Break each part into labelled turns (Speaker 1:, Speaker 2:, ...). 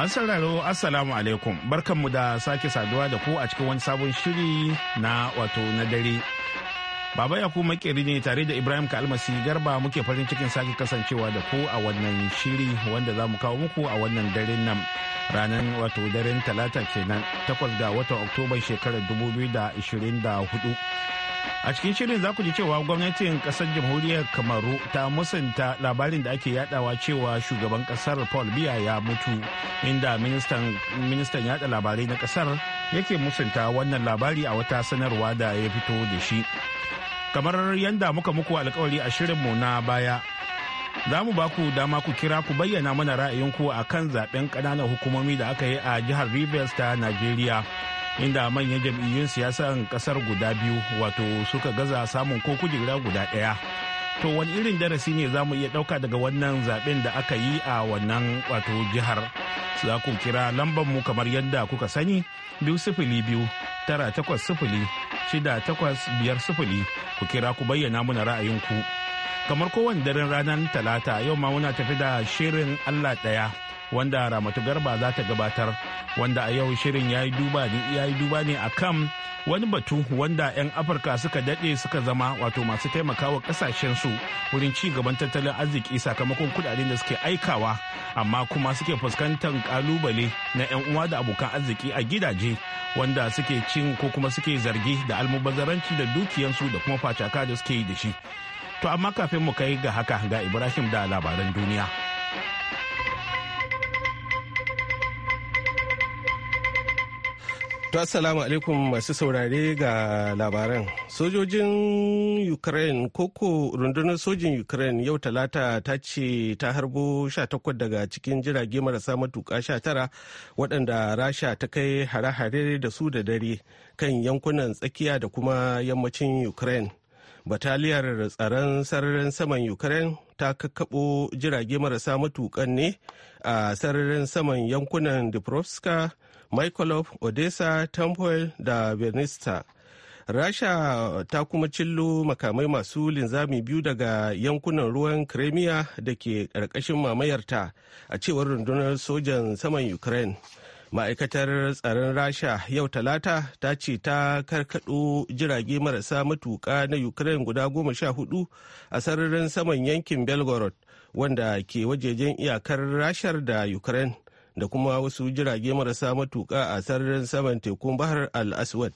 Speaker 1: Masu sauraro Assalamu alaikum barkanmu da sake saduwa da ku a cikin wani sabon shiri na wato na dare. Baba Yakubu makeri ne tare da Ibrahim Kalmasi Garba muke farin cikin sake kasancewa da ku a wannan shiri wanda za mu kawo muku a wannan daren nan ranar wato daren talata kenan takwas ga watan Oktoba shekarar 2024. A cikin shirin za ku ji cewa gwamnatin kasar jamhuriyar Kamaru ta musanta labarin da ake yadawa cewa shugaban kasar Paul Biya ya mutu inda ministan yada labarai na kasar yake musanta wannan labari a wata sanarwa da ya fito da shi. Kamar yadda muka muku alkawari a shirinmu na baya za mu ba ku dama ku kira ku bayyana mana ra'ayinku a kan zaben ƙananan hukumomi da aka yi a jihar Rivers ta Najeriya. inda manyan jam'iyyun siyasan kasar guda biyu wato suka gaza samun ko kujera guda ɗaya to wani irin darasi ne za mu iya ɗauka daga wannan zaben da aka yi a wannan wato jihar za ku kira lambar mu kamar yadda kuka sani biyu sifili biyu tara takwas sifili shida takwas biyar sifili ku kira ku bayyana muna ra'ayinku kamar kowane daren ranar talata yau ma muna tafi da shirin allah ɗaya wanda ramatu garba za ta gabatar wanda a yau shirin ya yi duba ne a kan wani batu wanda 'yan afirka suka daɗe suka zama wato masu taimakawa su wurin ci gaban tattalin arziki sakamakon kudaden da suke aikawa amma kuma suke fuskantar kalubale na 'yan uwa da abokan arziki a gidaje wanda suke cin ko kuma suke zargi da almubazzaranci da dukiyansu da kuma facaka da suke yi da shi to amma kafin mu kai ga haka ga ibrahim da labaran duniya. To assalamu
Speaker 2: alaikum masu saurare ga labaran. Sojojin Ukraine koko rundunar sojin Ukraine yau talata ta ce ta harbo 18 daga cikin jirage marasa matuka 19 waɗanda rasha ta kai hare-hare da su da dare kan yankunan tsakiya da kuma yammacin Ukraine. Bataliyar tsaron sararin saman Ukraine ta kakkaɓo jirage marasa matukan ne a sararin saman yankunan Dubrovska. Mykolov, odessa tampoil da bernista rasha ta kuma cillo makamai masu linzami biyu daga yankunan ruwan Crimea da ke ƙarƙashin mamayarta a cewar rundunar sojan saman ukraine ma'aikatar tsaron rasha yau talata ta ce ta karkaɗo jirage marasa matuƙa na ukraine guda goma sha hudu a sararin saman yankin belgorod wanda ke wajejen iyakar rashar da ukraine da kuma wasu jirage marasa matuƙa a sararin saman tekun bahar al-aswad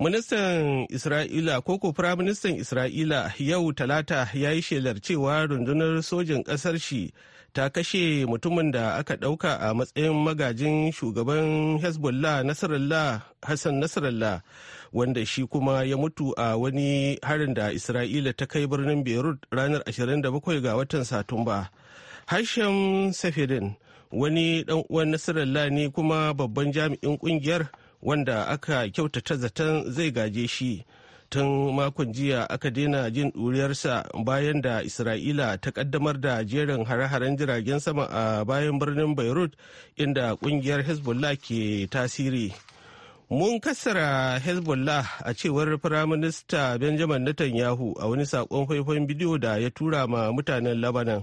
Speaker 2: ministan isra'ila koko firaministan isra'ila yau talata ya yi shelar cewa rundunar sojin ƙasar shi ta kashe mutumin da aka ɗauka a matsayin magajin shugaban hezbollah nasarallah hassan nasarallah wanda shi kuma ya mutu a wani harin da isra'ila ta kai birnin beirut ranar 27 ga watan satumba Harshen safirin wani dan uwan nasarar ne kuma babban jami'in kungiyar wanda aka kyautata zaton zai gaje shi tun makon jiya aka daina jin ɗuriyarsa bayan da isra'ila ta kaddamar da jerin hare-haren jiragen sama a bayan birnin beirut inda kungiyar hezbollah ke tasiri mun kassara hezbollah a cewar firaminista benjamin netanyahu a wani saƙon faifan bidiyo da ya tura ma mutanen labanan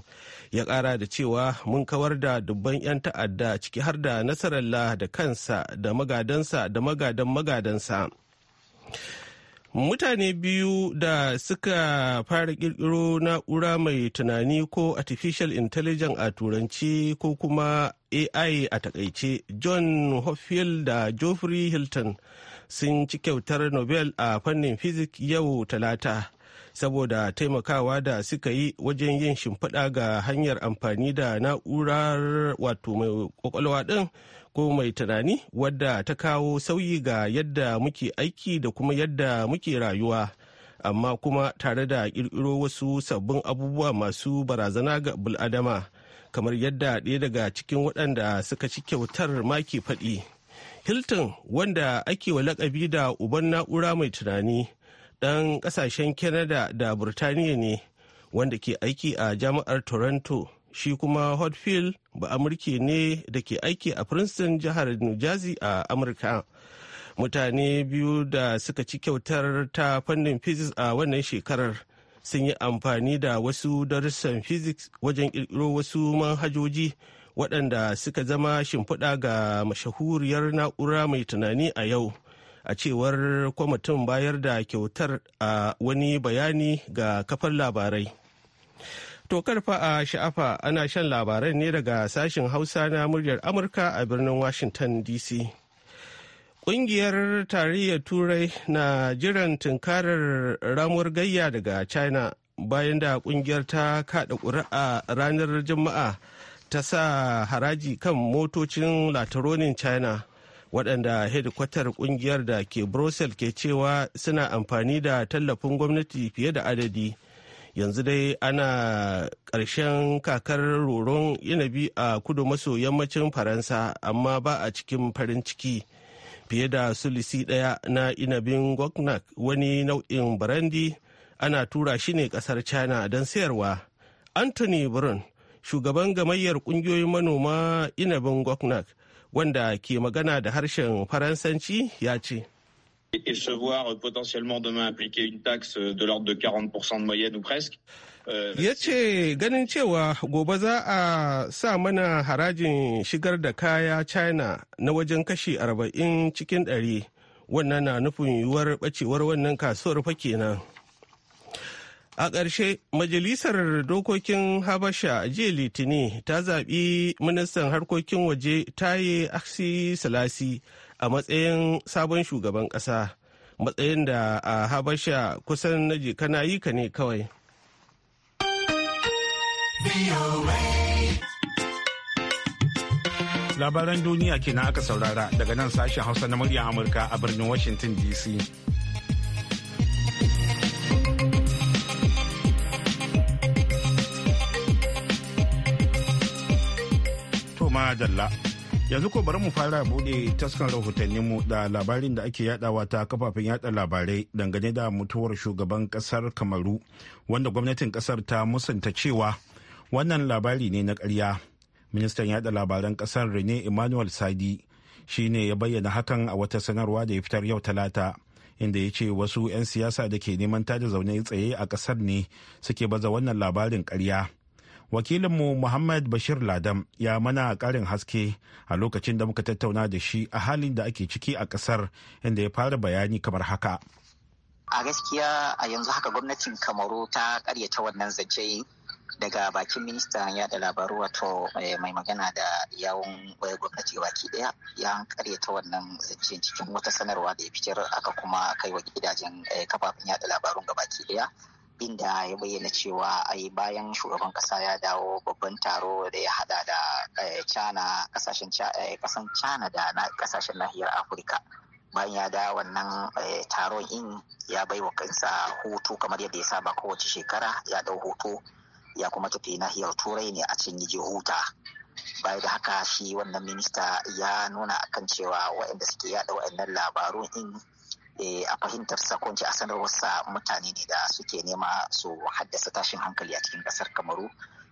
Speaker 2: ya kara da cewa mun kawar da dubban 'yan ta'adda ciki har da nasarallah da kansa da magadansa da magadan magadansa mutane biyu da suka fara kirkiro na'ura mai tunani ko artificial intelligence a turanci ko kuma ai a takaice john hopfield da geoffrey hilton sun ci kyautar nobel a fannin physics yau talata saboda taimakawa da suka yi wajen yin shimfiɗa ga hanyar amfani da na'urar wato mai kwakwalwa ɗin ko mai tunani wadda ta kawo sauyi ga yadda muke aiki da kuma yadda muke rayuwa amma kuma tare da ƙirƙiro wasu sabbin abubuwa masu barazana ga bul'adama kamar yadda ɗaya daga cikin waɗanda suka ci kyautar maki faɗi hilton wanda ake wa lakabi da uban na'ura mai tunani ɗan ƙasashen canada da burtaniya ne wanda ke aiki a jami'ar toronto shi kuma hotfield ba Amurki ne da ke aiki a princeton jihar new jersey a amurka mutane biyu da suka ci kyautar ta fannin physics a wannan shekarar sun yi amfani da wasu darussan physics wajen kirkiro wasu manhajoji waɗanda suka zama shimfiɗa ga mashahuriyar na'ura mai tunani a yau a cewar kwamitin bayar da kyautar a wani bayani ga kafar labarai tokar fa'a a sha'afa ana shan labaran ne daga sashen hausa na muryar amurka a birnin washington dc Ƙungiyar tarayyar Turai na jiran tunkarar ramuwar gayya daga China bayan da ƙungiyar ta kaɗa ƙuri'a ranar Juma'a ta sa haraji kan motocin Lataronin China. waɗanda hedikwatar ƙungiyar da ke brussels ke cewa suna amfani da tallafin gwamnati fiye da adadi yanzu dai ana ƙarshen kakar roron inabi a kudu maso yammacin faransa amma ba a cikin farin ciki fiye da sulisi ɗaya na inabin gognac wani nau'in barandi ana tura shi ne ƙasar china don sayarwa anthony brun shugaban gamayyar ƙungiyoyin manoma inabin gognac wanda ke magana da harshen faransanci ya ce
Speaker 1: et se voir potentiellement demain appliquer une taxe de l'ordre de 40% de moyenne ou presque. Euh,
Speaker 2: ya ce ganin cewa gobe za a sa mana harajin shigar da kaya china na wajen kashi arba'in cikin ɗari wannan na nufin yiwuwar bacewar wannan kasuwar fa kenan. A ƙarshe, Majalisar Dokokin Habasha jiya Litini ta zaɓi ministan harkokin waje Taye Aksi Salasi a matsayin sabon shugaban ƙasa, matsayin da a Habasha kusan na jikana yi ka ne
Speaker 1: kawai. Labaran duniya kenan aka saurara daga nan sashen Hausa na murya Amurka a birnin Washington DC. kuma dalla yanzu ko bari mu fara bude taskan mu da labarin da ake yadawa ta kafafen yada labarai dangane da mutuwar shugaban kasar kamaru wanda gwamnatin kasar ta musanta cewa wannan labari ne na karya ministan yada labaran kasar rene emmanuel sadi shine ya bayyana hakan a wata sanarwa da ya fitar yau talata inda ya ce wasu 'yan siyasa da ke neman tada zaune tsaye a kasar ne suke baza wannan labarin karya wakilinmu muhammad bashir ladam ya mana karin haske a lokacin da muka tattauna da shi a halin da ake ciki a kasar inda ya fara bayani kamar haka
Speaker 3: a gaskiya a yanzu haka gwamnatin kamaru ta karyata wannan zace daga bakin ministan yada labaru wato eh, mai magana da yawon waya eh, gwamnati baki daya ya karyata wannan zance cikin wata sanarwa da ya fitar aka kuma kai wa gidajen eh, kafafen yada labarun ga baki daya inda ya bayyana cewa a yi bayan shugaban kasa ya dawo babban taro da ya hada da eh, cana kasashen eh, kasan cana da na kasashen nahiyar afirka bayan ya da wannan eh, taron in ya bai wa kansa hutu kamar yadda ya saba kowace shekara ya dau hutu ya kuma tafi nahiyar turai ne a cin yiji huta bayan da haka shi wannan minista ya nuna akan cewa waɗanda suke yada waɗannan labaru in Eh, a fahimtar sa a sanarwarsa mutane ne da suke nema su haddasa tashin hankali a cikin kasar kamaru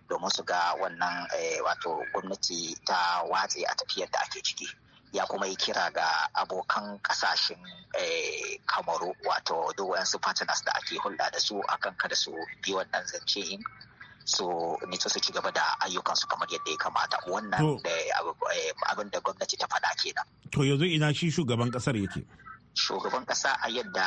Speaker 3: domin su ga wannan eh, wato gwamnati ta watse a tafiyar da ake ciki ya kuma yi kira ga abokan kasashen eh, kamaru wato duk wayansu partners da ake hulɗa da su akan kada su bi wannan zance in so ne su ci gaba da ayyukansu kamar yadda ya kamata wannan abin da gwamnati ta faɗa kenan
Speaker 1: to yanzu ina shi shugaban ƙasar yake
Speaker 3: shugaban kasa a yadda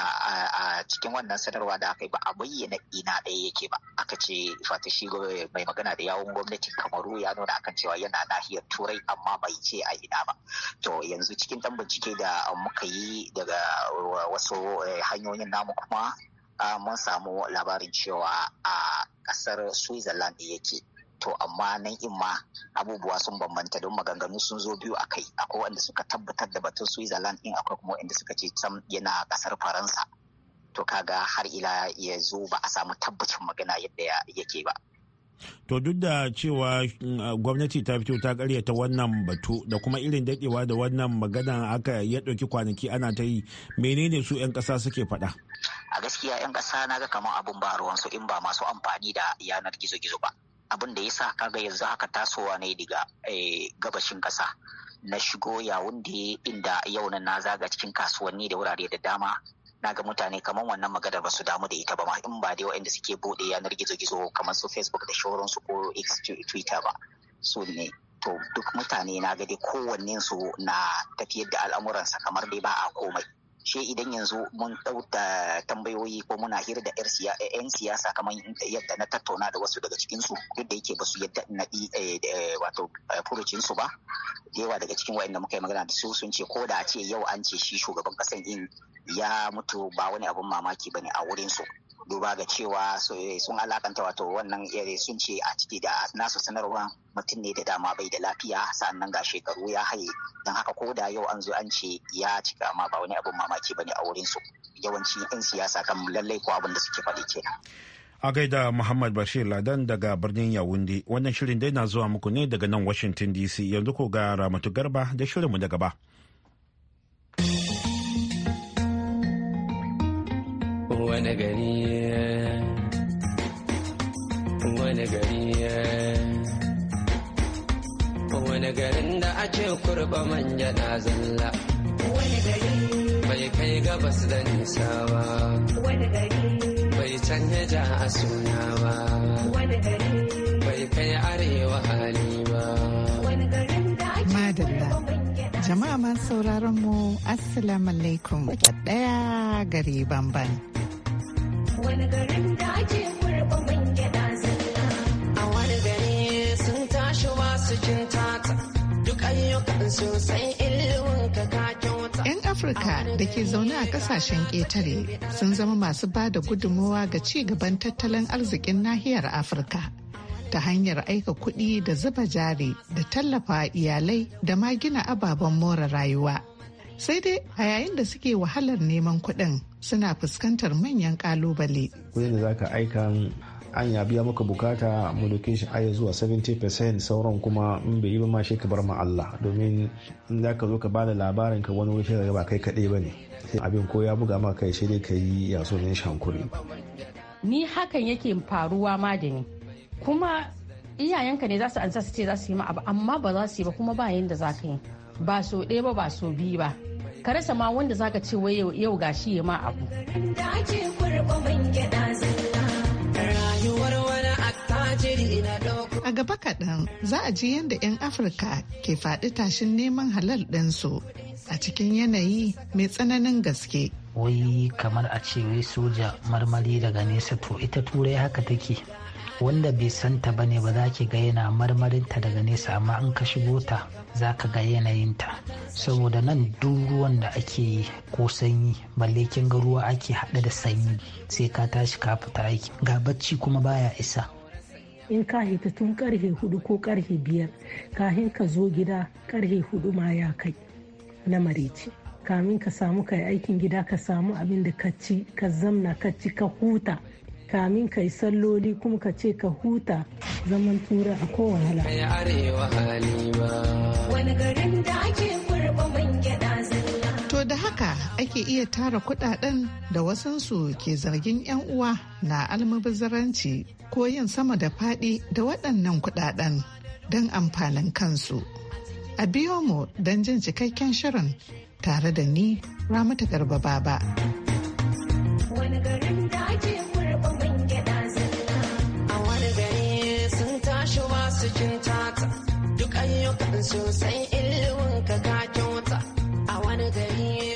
Speaker 3: a cikin wannan sanarwa da aka yi ba a bayyana ina ɗaya yake ba aka ce fata shi mai magana da yawon gwamnatin kamaru ya nuna akan cewa yana nahiyar turai amma bai ce a ina ba to yanzu cikin dan bincike da muka yi daga wasu eh, hanyoyin namu kuma ah, mun samu labarin cewa a kasar switzerland yake to amma nan in ma abubuwa sun bambanta don maganganu sun zo biyu a kai akwai wanda suka tabbatar da batun switzerland in akwai kuma wanda suka ce can yana kasar faransa to kaga har ila ya zo ba a samu tabbacin magana yadda yake ba
Speaker 1: To duk da cewa mm, gwamnati ta fito ta karyata wannan batu da kuma irin dadewa da wannan magana aka ya dauki kwanaki ana ta yi menene su 'yan ƙasa suke faɗa?
Speaker 3: A gaskiya 'yan kasa na ga kamar abun ba ruwansu in ba masu amfani da yanar gizo-gizo ba. abin da ya sa kaga yanzu haka tasowa ne daga eh, gabashin ƙasa na shigo yawun da inda yau nan na zaga cikin kasuwanni da wurare da dama na ga mutane kamar wannan magana ba su damu da ita ba ma in ba da dai waɗanda suke bude yanar gizo-gizo kamar su facebook da shauransu ko twitter ba su ne to duk mutane na ga dai kowannen su na tafiyar da al'amuransa kamar dai ba a komai she idan yanzu mun ɗauta tambayoyi ko muna hira da yan eh, siyasa kamar yadda na tattauna da wasu daga cikinsu duk da yake ba su yadda na bi eh, eh, wato furucinsu ba da yawa daga cikin wayanda muka yi magana da su sun ce ko da ce yau an ce shi shugaban kasan in ya mutu ba wani abun mamaki ba a wurin su duba ga cewa sun alakanta wato wannan sun ce a ciki da nasu sanarwa mutum ne da dama bai da lafiya sannan ga shekaru ya haye don haka ko da yau an zo an ce ya cika ma ba wani abin mamaki ba ne a wurin su yawanci yan siyasa kan lallai ko abin da suke faɗi kenan
Speaker 1: a gaida muhammad bashir ladan daga birnin yawundi wannan shirin dai na zuwa muku ne daga nan washington dc yanzu ko ga ramatu garba da shirinmu da gaba.
Speaker 4: wani gari wani gari wani garin da ake kurba manja na zalla
Speaker 5: wani gari
Speaker 4: bai kai gabas da nisa ba wani gari bai canja ja a suna ba wani gari bai kai arewa hali ba
Speaker 6: wani garin da ake madalla Jama'a masu sauraron mu Assalamu alaikum. Daya gari banban.
Speaker 5: wani garin da ake man zalla. A wani gari sun tashi masu jin tata duk ayyukan sosai ilimin ka
Speaker 6: 'Yan Afirka da ke zaune a kasashen ƙetare sun zama masu ba da gudunmowa ga ci gaban tattalin arzikin nahiyar Afirka. ta hanyar aika kuɗi da zuba jari da tallafa iyalai da ma gina ababen more rayuwa. Sai dai a yayin da suke wahalar neman kuɗin suna fuskantar manyan kalubale.
Speaker 1: Kudin da ka aika an ya biya maka bukata mu doke shi aya zuwa 70% sauran kuma in bai yi ba ma shi ka bar ma Allah domin in za ka zo ka bada labarin ka wani wuri ba kai kaɗai ba ne abin ko ya buga maka kai shi ka yi yaso ne shankuri.
Speaker 7: Ni hakan yake faruwa ma da ni kuma iyayenka ne za su ansa su ce za su yi ma abu amma ba za su yi ba kuma ba da za ka yi ba so ɗaya ba ba so biyu ba ka rasa ma wanda zaka ce wai yau gashi ya ma abu
Speaker 6: A gaba kaɗan za a ji yadda 'yan Afirka ke faɗi tashin neman halal ɗinsu a cikin yanayi mai tsananin gaske.
Speaker 8: Wai kamar a ce wai soja marmari daga nesa to ita turai haka take. Wanda bai santa ba ne ba za ki ga yana marmarinta daga nesa amma in ka shigo ta za ka ga yanayinta saboda nan duk ruwan da ake yi ko sanyi balle kin ga ruwa ake haɗa da sanyi sai ka tashi ka fita aiki ga bacci kuma baya isa
Speaker 5: in ka hita tun karfe hudu ko karfe biyar kahin ka zo gida karfe hudu ma ya kai na mareci kamin ka samu kai aikin gida ka samu abin da ka ci ka zamna ka ci ka huta kamin kai salloli kuma ka ce ka huta zaman tura a kowane hala.
Speaker 6: To da haka ake iya tara kudaden da wasansu ke zargin 'yan uwa na almubazzaranci ko yin sama da fadi da waɗannan kudaden don amfanin kansu. A biyo mu don jin cikakken shirin tare da ni Ramata Garba Baba.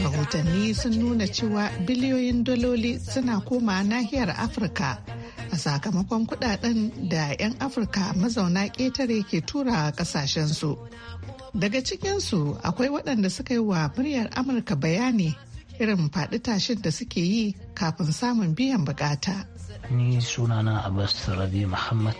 Speaker 6: rahotanni sun nuna cewa biliyoyin daloli suna koma nahiyar afirka a sakamakon kudaden da 'yan afirka mazauna ƙetare ke tura kasashensu daga cikinsu akwai waɗanda suka yi wa muryar amurka bayani irin faɗi tashin da suke yi kafin samun biyan bukata.
Speaker 8: Ni sunana Abbas Rabi Muhammad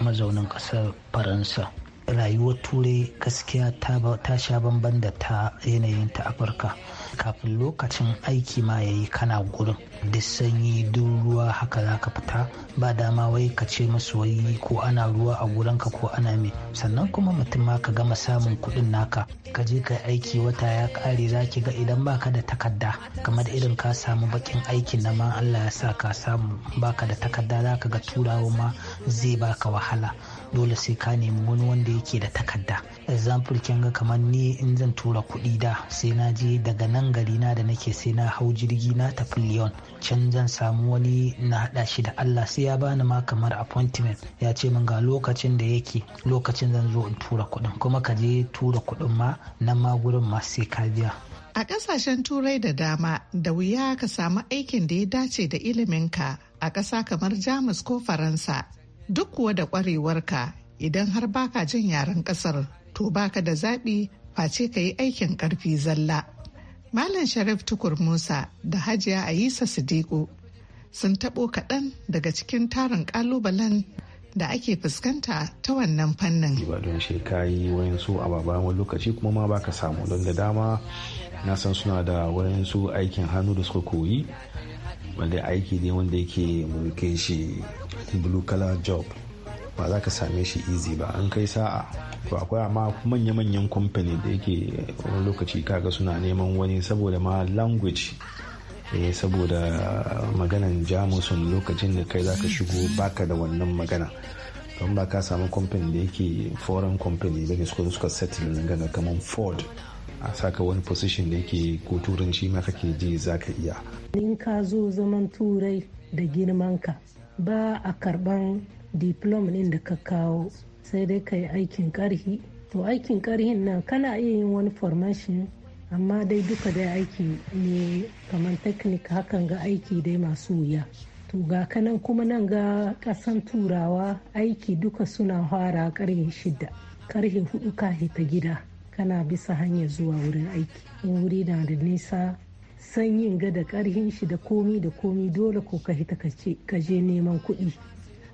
Speaker 8: mazaunin ƙasar Faransa. Rayuwar Turai gaskiya ta sha bamban da ta yanayin ta Afirka. kafin lokacin aiki ma ya yi kana gurin duk sanyi duk ruwa haka za ka fita ba dama wai ka ce masu wai ko ana ruwa a gurinka ko ana me sannan kuma mutum ma ka gama samun kuɗin naka ka je ka aiki wata ya ƙare za ki ga idan baka da takarda kamar irin ka samu bakin aiki na ma Allah ya sa ka samu baka da takarda za ka ga turawa ma zai baka wahala dole sai ka nemi wani wanda yake da takarda example kin kamar ni in zan tura kuɗi da sai na je daga nan gari na da nake sai na hau jirgi na tafi Lyon can zan samu wani na hada shi da Allah sai ya bani ma kamar appointment ya ce min ga lokacin da yake lokacin zan zo in tura kuɗin kuma ka je tura kuɗin ma nan ma gurin ma sai ka biya
Speaker 6: A kasashen turai da dama da wuya ka samu aikin da ya dace da iliminka a ƙasa kamar Jamus ko Faransa duk kuwa da kwarewarka idan har baka jin yaren kasar to baka da zaɓi face ka yi aikin ƙarfi zalla malam sharif tukur musa da hajiya ayisa sidiku sun taɓo kaɗan daga cikin tarin ƙalubalen da ake fuskanta ta wannan fannin.
Speaker 1: ba don shekayi wayansu a babban wani lokaci kuma ma baka samu don da dama na san suna da wayansu aikin hannu da suka koyi wanda aiki ne wanda yake mulke shi blue color job ba za ka same shi easy ba an kai sa'a to akwai amma manya-manyan kamfani da yake wani lokaci kaga suna neman wani saboda ma language eh saboda maganan jamusun lokacin da kai za ka shigo baka da wannan magana don ba ka samu kamfani da yake foreign company da suka suka settle gana kamar ford a saka wani position da yake ko turanci ma kake ji za ka iya
Speaker 5: in ka zo zaman turai da girmanka ba a karban diplom ɗin da ka kawo sai dai ka yi aikin karhi to aikin karhin nan kana iya yin wani formation amma dai duka dai aiki ne kamar teknik hakan ga aiki dai masu wuya to ga kanan kuma nan ga ƙasan turawa aiki duka suna fara karhe shida karhe hudu ka ta gida kana bisa hanyar zuwa wurin aiki in wuri na da nisa
Speaker 6: sanyin ga da karhin shi da komi da komi dole ko ka hita ka je neman kuɗi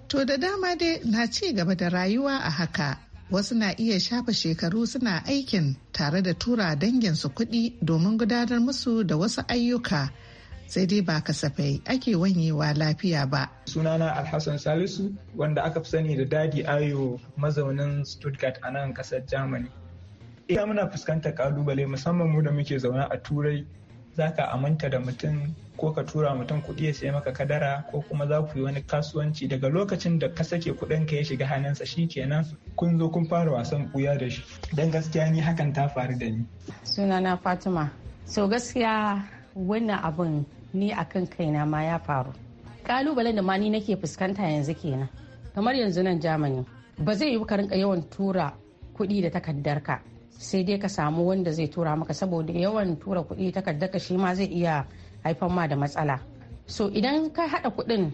Speaker 6: to da dama dai na ci gaba da rayuwa a haka wasu na iya shafa shekaru suna aikin tare da tura danginsu kuɗi domin gudanar musu da wasu ayyuka sai dai ba kasafai ake wanyewa lafiya ba.
Speaker 1: Sunana Alhassan Salisu wanda aka fi sani da Dadi Ayo mazaunin Stuttgart a nan kasar Germany. ita muna fuskantar kalubale musamman mu da muke zaune a turai za ka aminta da mutum ko ka tura mutum kuɗi ya sai maka kadara ko kuma za ku yi wani kasuwanci daga lokacin da ka sake kuɗin ka ya shiga hannunsa shi kenan kun zo kun fara wasan ɓuya da shi don gaskiya ni hakan ta faru da ni.
Speaker 7: sunana fatima so gaskiya wannan abun ni akan kaina ma ya faru kalubalen da ma ni nake fuskanta yanzu kenan kamar yanzu nan jamani ba zai yi ka rinka yawan tura kuɗi da takardar ka. sai dai ka samu wanda zai tura maka saboda yawan tura kuɗi takardar ka shi ma zai iya haifar ma da matsala so idan ka haɗa kuɗin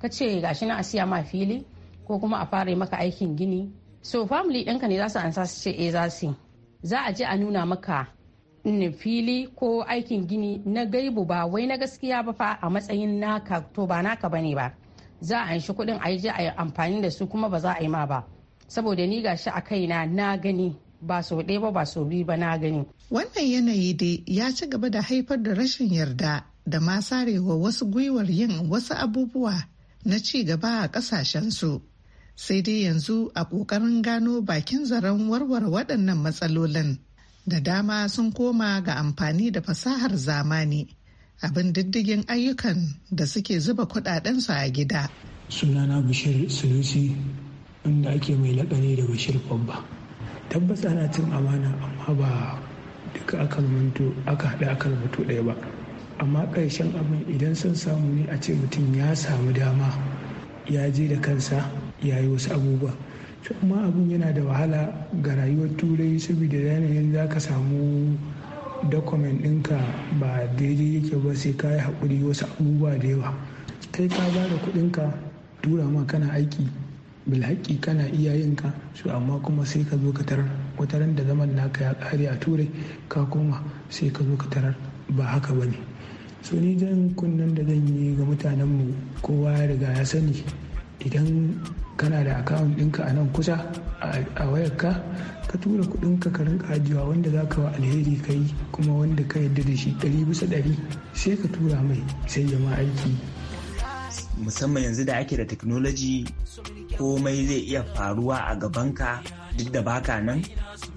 Speaker 7: ka ce gashi na a siya ma fili ko kuma a fara maka aikin gini so family ɗinka ne za su ansa su ce eh za su za a je a nuna maka fili ko aikin gini na gaibu ba wai na gaskiya ba fa a matsayin naka to ba naka ba ne ba za a shi kuɗin a je a yi amfani da su kuma ba za a yi ma ba saboda ni gashi a kaina na gani ba sau ɗaya ba ba sau biyu ba na gani.
Speaker 6: Wannan yanayi dai ya ci gaba da haifar da rashin yarda da ma sarewa wasu gwiwar yin wasu abubuwa na ci gaba a su Sai dai yanzu a ƙoƙarin gano bakin zaren warware waɗannan matsalolin da dama sun koma ga amfani da fasahar zamani abin diddigin ayyukan da suke zuba kuɗaɗensu a gida. Sunana Bashir Sulusi inda ake mai laƙani da Bashir Babba. tabbas ana
Speaker 1: cin amana amma ba duka aka manto aka haɗa aka rubuto ɗaya ba amma ƙarshen abin idan sun samu ne a ce mutum ya samu dama ya je da kansa ya yi wasu abubuwa to amma abin yana da wahala ga rayuwar turai saboda yanayin za ka samu dokumen ɗinka ba daidai yake ba sai ka yi haƙuri wasu abubuwa da yawa kai ka ba da kuɗinka tura ma kana aiki bilhaƙi kana iya yin ka su amma kuma sai ka zo ka tarar wata ran da zaman naka ya ƙare a turai ka koma sai ka zo ka tarar ba haka ba ne so ni zan kunnen da zan yi ga mutanenmu kowa ya riga ya sani idan kana da akawun ɗinka a nan kusa a wayarka ka tura kuɗinka ka karin ajiyewa wanda za ka wa alheri ka yi kuma wanda ka yarda da shi ɗari bisa ɗari sai ka tura mai sai ya ma aiki
Speaker 4: musamman yanzu da ake da technology komai zai iya faruwa a gabanka duk da baka nan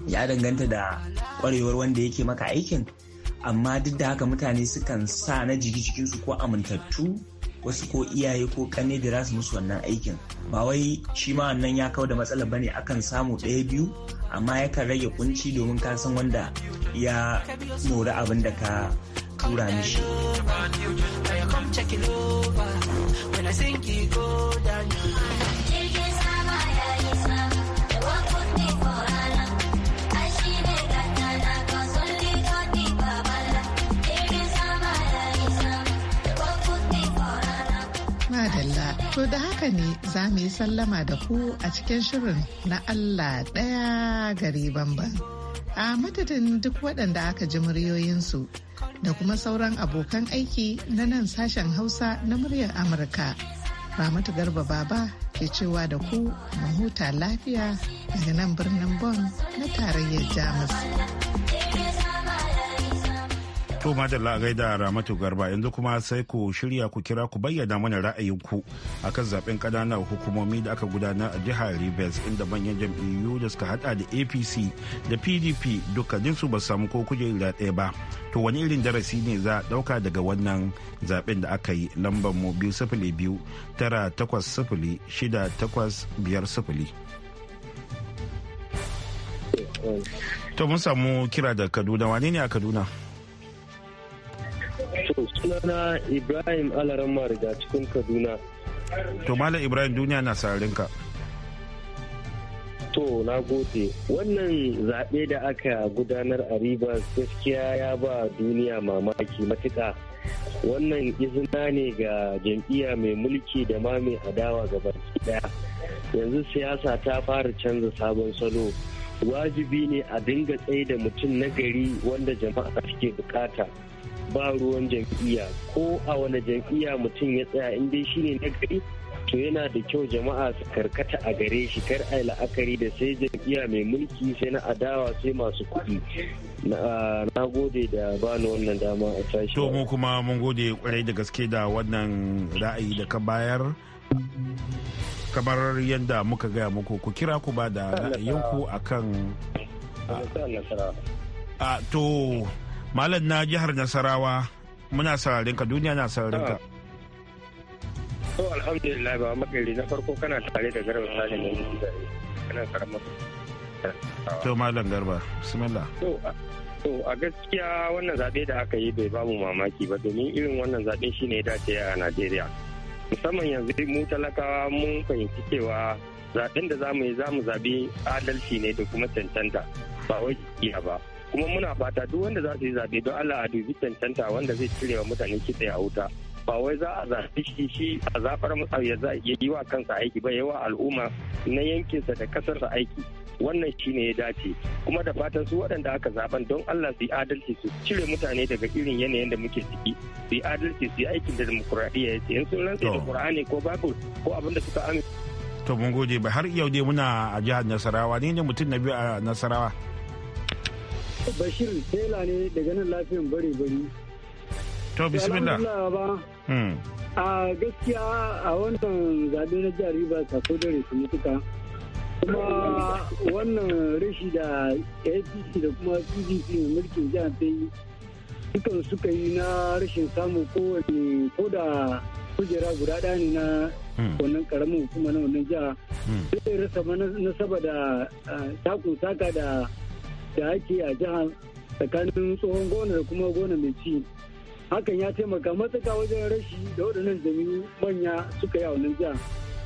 Speaker 4: ya danganta da kwarewar wanda yake maka aikin amma duk da haka mutane sukan sa na jiki cikinsu ko amintattu wasu ko iyaye ko kanne da su musu wannan aikin ba wai shi ma wannan ya kawo da matsala bane akan samu ɗaya biyu amma yakan rage kunci domin ka san wanda ya mori abin da ka tura mishi
Speaker 6: Madalla, to da haka ne za mu yi sallama da ku a cikin shirin na Allah ɗaya gari bamban. A madadin duk waɗanda aka ji muryoyinsu da kuma sauran abokan aiki na nan sashen Hausa na muryar Amurka. Ramatu Garba Baba ke cewa da ku mu huta lafiya daga nan birnin Bon na tarayyar Jamus.
Speaker 1: To madalla gaida Ramatu Garba yanzu kuma sai ku shirya ku kira ku bayyana mana ra'ayinku kan zaben kananan hukumomi da aka gudanar a jihar Rivers inda manyan jam'iyyu da suka hada da APC da PDP dukkaninsu ba samu ko kujera ɗaya ba. To wani irin darasi ne za a ɗauka daga wannan zaben da aka yi lambar mu biyu sifili biyu tara takwas sifili shida takwas biyar sifili. To mun samu kira da Kaduna wane ne a Kaduna?
Speaker 4: sunana ibrahim alaran mariga cikin kaduna
Speaker 1: to malam ibrahim duniya na sararin ka
Speaker 4: to na gode wannan zaɓe da aka gudanar a Ribas gaskiya ya ba duniya mamaki matuƙa wannan izina ne ga jam'iyya mai mulki da ma mai adawa gaba daya yanzu siyasa ta fara canza sabon salo wajibi ne a dinga tsaye da mutum nagari wanda jama'a suke bukata ba ruwan jam'iyya ko a wani jam'iyya mutum ya tsaya in dai shine na gari to yana da kyau jama'a su karkata a gare shi kar a la'akari da sai jam'iyya mai mulki sai na adawa
Speaker 1: sai masu kuɗi na gode da bani wannan dama a tashi to mu kuma mun gode kwarai da gaske da wannan ra'ayi da ka bayar kamar yadda muka gaya muku ku kira ku ba da ra'ayinku akan a to malam na jihar nasarawa muna sararin ka duniya na sararin ka
Speaker 4: to alhamdulillah ba makari na farko kana tare da garba ne kana karamar
Speaker 1: to malam garba bismillah
Speaker 4: to a gaskiya wannan zaɓe da aka yi bai bamu mamaki ba domin irin wannan zaɓe shi ne dace a najeriya musamman yanzu mu talakawa mun fahimci cewa zaɓen da zamu yi zamu zaɓi adalci ne da kuma cancanta ba wai ba kuma muna fata duk wanda za su yi zaɓe don Allah a dubi cancanta wanda zai cire wa mutane kitse a wuta ba wai za a zaɓi shi shi a zaɓar ya yi wa kansa aiki ba yawa al'umma na yankinsa da kasarsa aiki wannan shi ne ya dace kuma da fatan su waɗanda aka zaben don Allah su yi adalci su cire mutane daga irin yanayin da muke ciki su yi adalci su yi aikin da demokuraɗiyya ya ce in sun rantsa da Qur'ani ko Bible ko abin da suka amince.
Speaker 1: To mun gode ba har yau dai muna a jihar Nasarawa ni ne mutum na biyu a Nasarawa.
Speaker 4: Bashir Tela ne daga nan lafiyan bari bari. To bismillah. ba. Hmm. A gaskiya a wannan zaɓe na jihar Rivers a dare su mutuka. Kuma wannan rashi da APC da kuma PDP mai mulkin jihar ta yi dukan suka yi na rashin samun kowane ko da kujera guda ɗaya ne na hmm. wannan karamin hukuma na wannan jiha. Hmm. Zai rasa nasaba da takun saka da da ake a jihar tsakanin tsohon gona da kuma gona mai ci hakan ya taimaka matuka wajen rashi da waɗannan jami'u manya suka yi a wannan jiha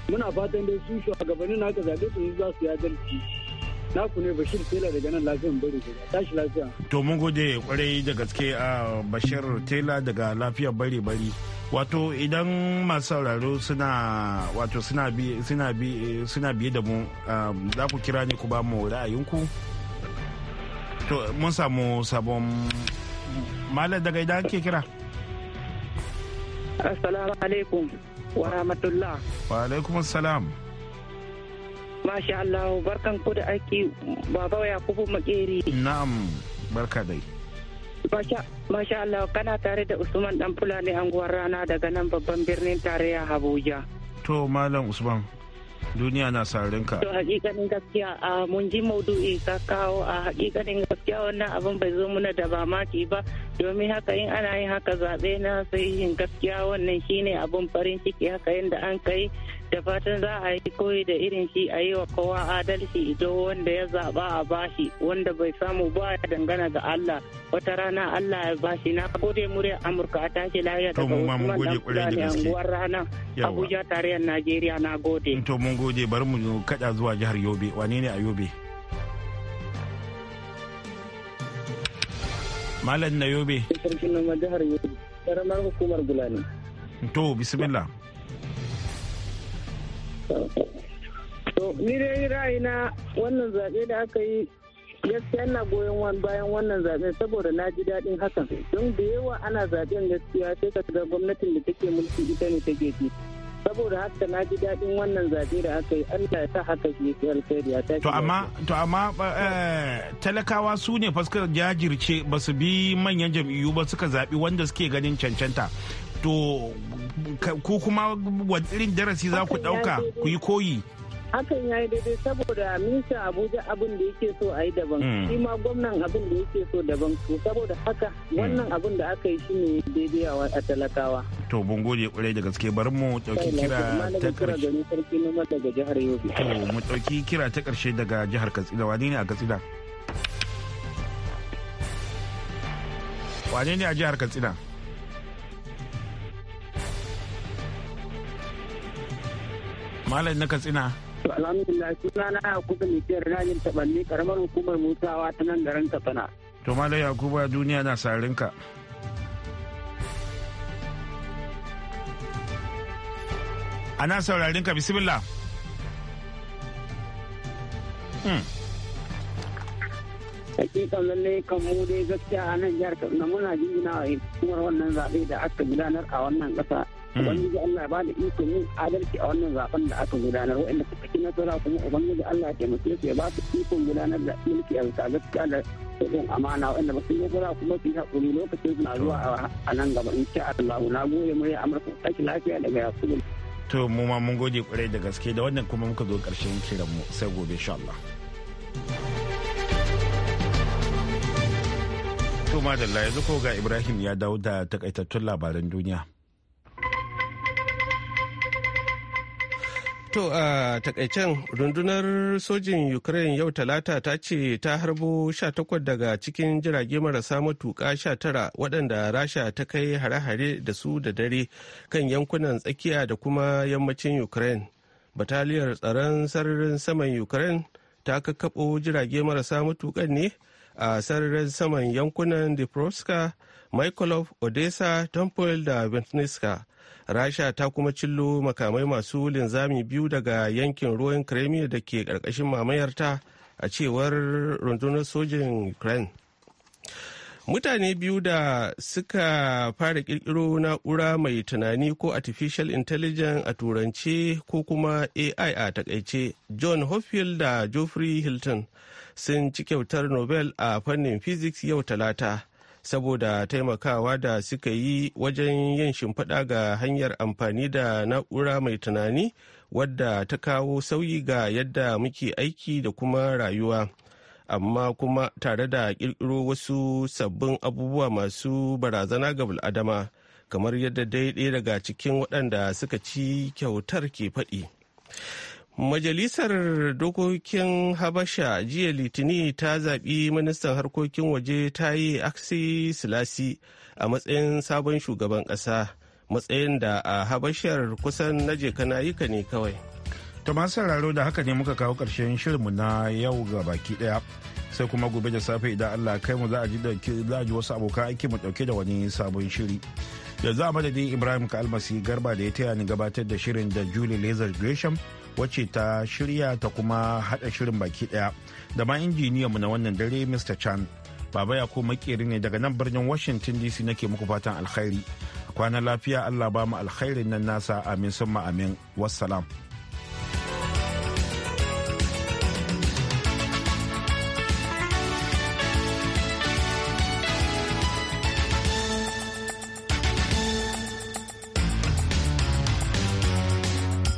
Speaker 4: muna fatan dai su shugabannin na aka zaɓe su za su ya na ku ne bashir tela daga nan lafiyan bari tashi lafiya
Speaker 1: to mun gode kwarai da gaske a bashir tela daga lafiyar bari bari wato idan masu sauraro suna wato suna biye da mu um, za ku kira ne ku ba mu ra'ayinku to mun samu sabon malam daga idan ake kira
Speaker 4: assalamu alaikum wa rahmatullah
Speaker 1: wa alaikum assalam
Speaker 4: masha Allah barkan ku da aiki baba ya kufu makeri
Speaker 1: na'am barka dai
Speaker 4: Masha Allah kana tare da Usman dan Fulani anguwar rana daga nan babban birnin tarayya Abuja.
Speaker 1: To Malam Usman duniya na sararin ka. To
Speaker 4: hakikanin gaskiya a mun ji maudu'i ka kawo a hakikanin gaskiya wannan abin bai zo muna da mamaki ba domin haka in ana yin haka zaɓe na yin gaskiya wannan shine abin farin ciki haka yadda an kai da fatan za a yi koyi da irin shi a yi wa kowa adalci ido wanda ya zaba a bashi wanda bai samu ba ya dangana ga Allah wata rana Allah ya bashi na gode murya Amurka a tashi lafiya daga Usman Dakuda ne anguwar rana Abuja
Speaker 1: tarayyar Najeriya na gode. To mun gode bari mu kada zuwa jihar Yobe wane ne a Yobe? Malam na Yobe.
Speaker 4: Sarkin Yobe. Karamar hukumar Gulani.
Speaker 1: To bismillah.
Speaker 4: To, ni dai na wannan zaɓe da aka yi gaskiya na goyon wani bayan wannan zaɓe saboda na ji daɗin hakan don da yawa ana zaɓen gaskiya sai ka ga gwamnatin da take mulki ita ne ta gefe saboda haka na ji daɗin wannan
Speaker 1: zaɓe da aka yi Allah ya sa haka shi yake alkhairi to amma to amma eh, talakawa su ne fuskar jajirce ba su bi manyan jam'iyyu ba suka zaɓi wanda suke ganin cancanta to ku kuma irin darasi za ku ɗauka ku yi koyi
Speaker 4: hakan ya yi daidai saboda minista abuja abin da yake so a yi daban hmm. shi ma gwamnan abin da yake so daban to saboda haka hmm. wannan abin da aka yi shi ne daidai a talakawa
Speaker 1: to mun gode kwarai da gaske bari mu dauki kira ta karshe daga jihar yobe to mu dauki kira ta karshe daga jihar katsina wani ne a katsina wane ne a jihar katsina malam na katsina
Speaker 4: alhamdulillah suna na yakubu ne ke rajin tabanni karamar hukumar musawa ta
Speaker 1: nan garin katsina to malam yakubu a duniya na sarin ka ana saurarin ka bisimila.
Speaker 8: Hmm.
Speaker 4: hakikan lallai kan mu dai gaskiya a nan jihar kaduna muna jingina a hukumar wannan zaɓe da aka gudanar a wannan ƙasa Hmm. ubangiji Allah ba da iko yin adalci a wannan zaben da aka gudanar waɗanda suka ci nasara kuma ubangiji Allah ya taimake su ya ba su ikon gudanar da mulki a bisa gaskiya da cikin amana waɗanda ba su yi nasara kuma su yi haƙuri lokacin suna zuwa a nan gaba in sha Allah na goye murya Amurka tashi lafiya daga yasu.
Speaker 1: To mu ma mun gode kwarai da gaske da wannan kuma muka zo ƙarshen kiran mu sai gobe insha Allah. To madalla yanzu ko ga Ibrahim ya dawo da takaitattun labaran duniya. To
Speaker 2: a takaicen rundunar sojin Ukraine yau talata ta ce ta harbo sha 18 daga cikin jirage marasa matuƙa tara waɗanda Rasha ta kai hare-hare da su da dare kan yankunan tsakiya da kuma yammacin Ukraine. Bataliyar tsaron sararin saman Ukraine ta kakkaɓo jirage marasa matukan ne a sararin saman yankunan Dnipropetrovsk, Mykolaiv, Odessa, Temple da Ventnitska. rasha ta kuma cillo makamai masu linzami biyu daga yankin ruwan crimea da ke karkashin mamayarta a cewar rundunar sojin ukraine mutane biyu da suka fara kirkiro na'ura mai tunani ko artificial intelligence a turance ko kuma ai a takaice john hopfield da geoffrey hilton sun ci kyautar nobel a fannin physics yau talata saboda taimakawa da suka yi wajen yin shimfiɗa ga hanyar amfani da na'ura mai tunani wadda ta kawo sauyi ga yadda muke aiki da kuma rayuwa amma kuma tare da ƙirƙiro wasu sabbin abubuwa masu barazana ga bul'adama kamar yadda daidai daga cikin waɗanda suka ci kyautar ke faɗi. Majalisar Dokokin Habasha jiya Litini ta zaɓi ministan harkokin waje ta yi aksi silasi a matsayin sabon shugaban ƙasa matsayin da a Habashar kusan na ka ne kawai.
Speaker 1: Tama masu sauraro da haka ne muka kawo ƙarshen shirinmu na yau ga baki ɗaya. Sai kuma gobe da safe idan Allah kai mu za a ji wasu abokan aiki mu ɗauke da wani sabon shiri. Yanzu a madadin Ibrahim Kalmasi Garba da ya taya ni gabatar da shirin da Julie Lazar Gresham. wacce ta shirya ta kuma haɗa shirin baki ɗaya da ma mu na wannan dare Mr. Chan. Baba ya ko makeri ne daga nan birnin Washington DC nake muku fatan alkhairi. Kwana lafiya Allah ba mu alkhairin nan nasa amin summa amin. Wassalam.